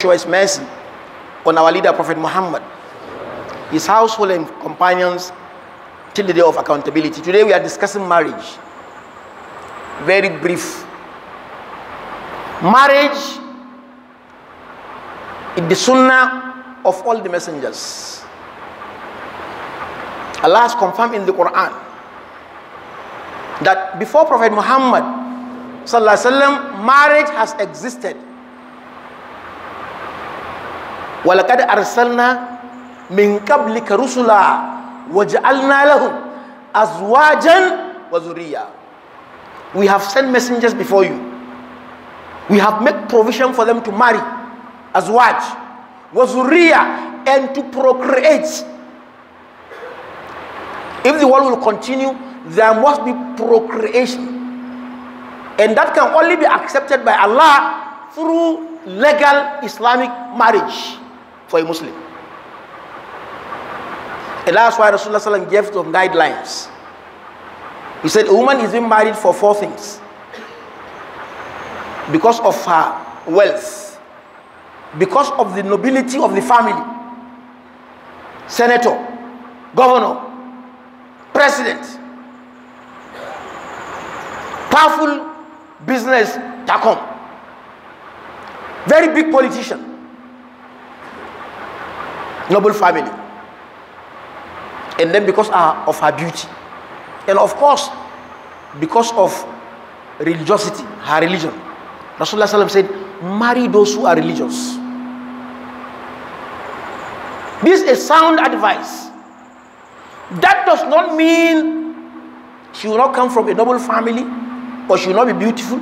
show his mercy on our leader Prophet Muhammad, his household and companions till the day of accountability. Today we are discussing marriage. Very brief. Marriage is the sunnah of all the messengers. Allah has confirmed in the Quran that before Prophet Muhammad, وسلم, marriage has existed arsalna min rusula lahum azwajan wa we have sent messengers before you we have made provision for them to marry azwaj wa zurriya and to procreate if the world will continue there must be procreation and that can only be accepted by Allah through legal Islamic marriage for a Muslim. And that's why Rasulullah gave some guidelines. He said, A woman is being married for four things because of her wealth, because of the nobility of the family, senator, governor, president, powerful business, takon, very big politician noble family. And then because ah, of her beauty. And of course, because of religiosity, her religion. Rasulullah said, marry those who are religious. This is sound advice. That does not mean she will not come from a noble family or she will not be beautiful.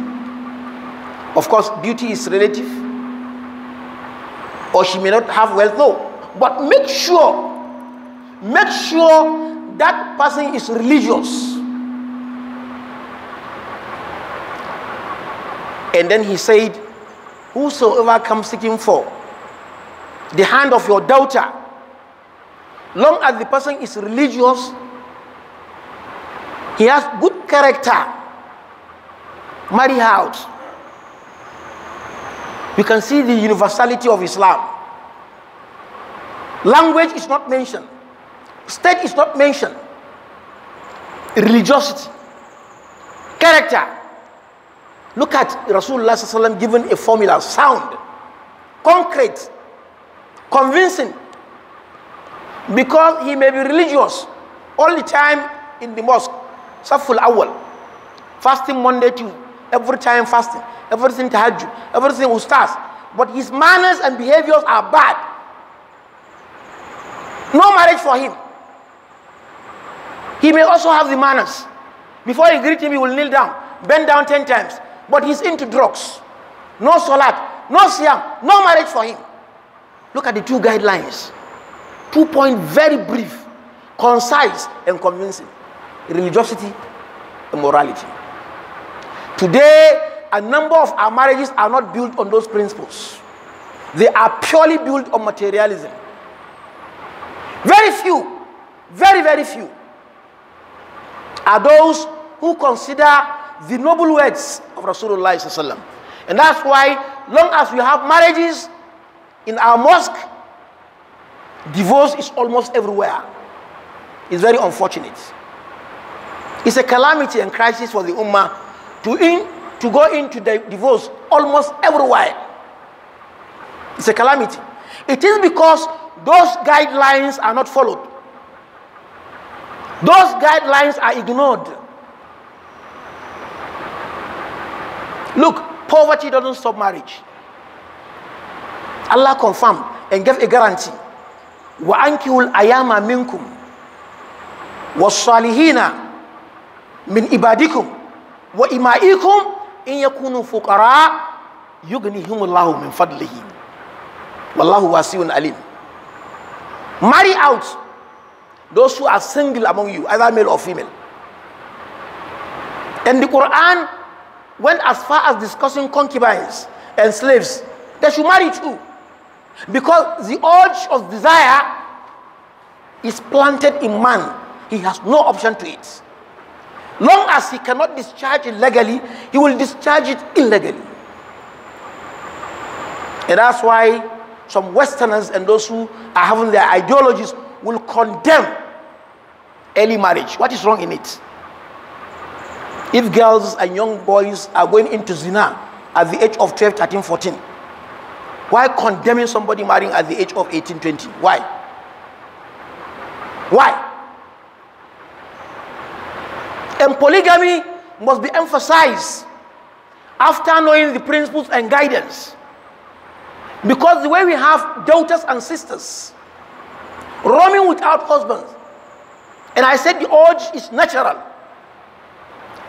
Of course, beauty is relative. Or she may not have wealth. No. But make sure, make sure that person is religious. And then he said, Whosoever comes seeking for the hand of your daughter, long as the person is religious, he has good character, marry out. You can see the universality of Islam. Language is not mentioned. State is not mentioned. Religiosity. Character. Look at Rasulullah given a formula sound, concrete, convincing. Because he may be religious all the time in the mosque. Saful awal. Fasting Monday to every time fasting, everything tahajjud, everything ustaz. But his manners and behaviors are bad. No marriage for him. He may also have the manners. Before you greet him, he will kneel down, bend down 10 times. But he's into drugs. No salat, no siam, no marriage for him. Look at the two guidelines. Two point very brief, concise, and convincing religiosity and morality. Today, a number of our marriages are not built on those principles, they are purely built on materialism. Very few, very, very few are those who consider the noble words of Rasulullah. And that's why, long as we have marriages in our mosque, divorce is almost everywhere. It's very unfortunate. It's a calamity and crisis for the Ummah to, in, to go into the divorce almost everywhere. It's a calamity. It is because those guidelines are not followed. Those guidelines are ignored. Look, poverty doesn't stop marriage. Allah confirmed and gave a guarantee. Wa ankiul ayama minkum wa salihina min ibadikum wa imaikum in yakunu fuqara yughnihimullahu min fadlihi. Wallahu wasiun alim. Marry out those who are single among you, either male or female. And the Quran went as far as discussing concubines and slaves. They should marry too. Because the urge of desire is planted in man. He has no option to it. Long as he cannot discharge it legally, he will discharge it illegally. And that's why some Westerners and those who are having their ideologies will condemn early marriage. What is wrong in it? If girls and young boys are going into zina at the age of 12, 13, 14, why condemning somebody marrying at the age of 18, 20? Why? Why? And polygamy must be emphasized after knowing the principles and guidance. Because the way we have daughters and sisters roaming without husbands, and I said the urge is natural.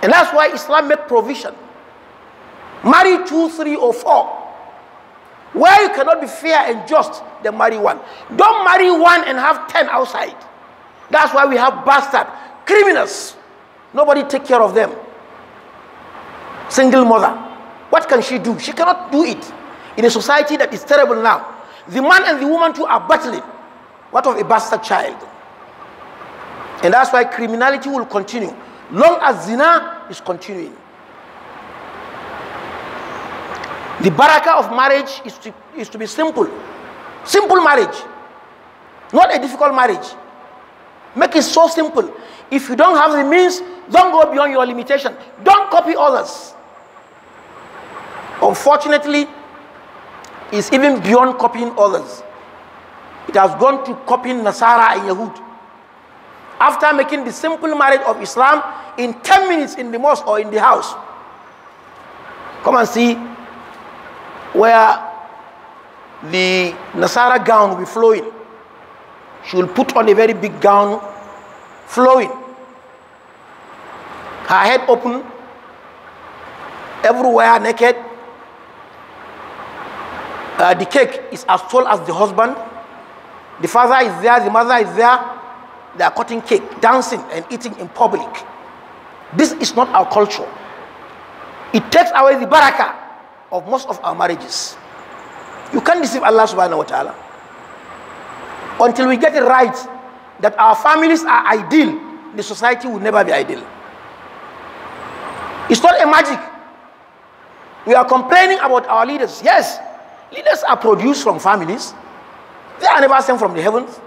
And that's why Islam made provision. Marry two, three, or four. Where you cannot be fair and just, then marry one. Don't marry one and have ten outside. That's why we have bastard, criminals. Nobody take care of them. Single mother. What can she do? She cannot do it in a society that is terrible now. The man and the woman too are battling. What of a bastard child? And that's why criminality will continue long as zina is continuing. The baraka of marriage is to, is to be simple. Simple marriage, not a difficult marriage. Make it so simple. If you don't have the means, don't go beyond your limitation. Don't copy others. Unfortunately, is even beyond copying others. It has gone to copying Nasara and Yahud. After making the simple marriage of Islam in 10 minutes in the mosque or in the house. Come and see where the Nasara gown will be flowing. She will put on a very big gown, flowing. Her head open, everywhere naked, uh, the cake is as tall as the husband. The father is there, the mother is there. They are cutting cake, dancing, and eating in public. This is not our culture. It takes away the baraka of most of our marriages. You can't deceive Allah subhanahu wa ta'ala. Until we get it right that our families are ideal, the society will never be ideal. It's not a magic. We are complaining about our leaders, yes, Leaders are produced from families. They are never sent from the heavens.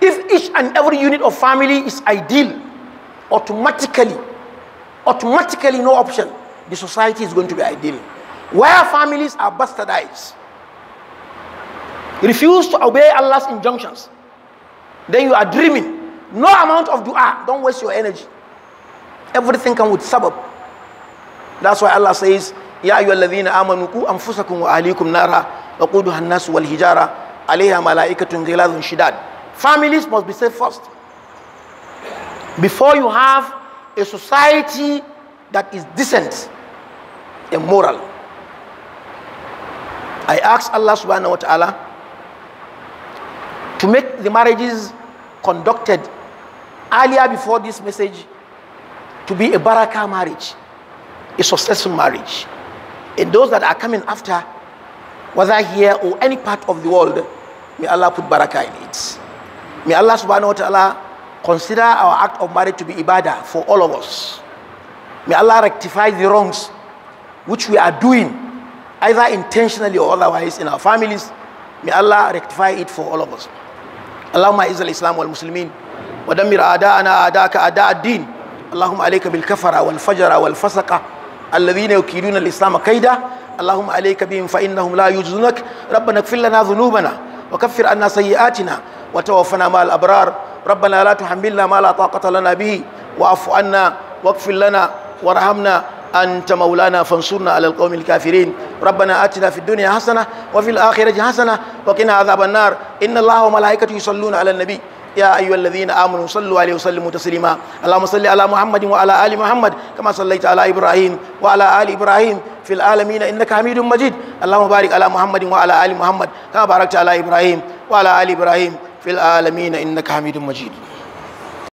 If each and every unit of family is ideal, automatically, automatically, no option, the society is going to be ideal. Where families are bastardized, refuse to obey Allah's injunctions, then you are dreaming. No amount of dua, don't waste your energy. Everything comes with sabab. That's why Allah says, يا أيها الذين آمنوا قوا أنفسكم وأهليكم نارا وقودها الناس والحجارة عليها ملائكة غلاظ شداد Families must be saved first. Before you have a society that is decent and moral. I ask Allah subhanahu wa ta'ala to make the marriages conducted earlier before this message to be a barakah marriage, a successful marriage. In eh, those that are coming after, whether here or any part of the world, may Allah put barakah in it. May Allah subhanahu wa ta'ala consider our act of marriage to be ibadah for all of us. May Allah rectify the wrongs which we are doing, either intentionally or otherwise, in our families. May Allah rectify it for all of us. اللهم اعز الاسلام والمسلمين ودمر اعداءنا اعداءك اعداء الدين اللهم عليك fajara والفجر fasaka. الذين يكيدون الإسلام كيدا اللهم عليك بهم فإنهم لا يجزونك ربنا اغفر لنا ذنوبنا وكفر عنا سيئاتنا وتوفنا مع الأبرار ربنا لا تحملنا ما لا طاقة لنا به واعف عنا واغفر لنا وارحمنا أنت مولانا فانصرنا على القوم الكافرين ربنا آتنا في الدنيا حسنة وفي الآخرة حسنة وقنا عذاب النار إن الله وملائكته يصلون على النبي يا أيها الذين آمنوا صلوا عليه وسلموا تسليما اللهم صل على محمد وعلى آل محمد كما صليت على إبراهيم وعلى آل إبراهيم في العالمين إنك حميد مجيد اللهم بارك على محمد وعلى آل محمد كما باركت على إبراهيم وعلى آل إبراهيم في العالمين إنك حميد مجيد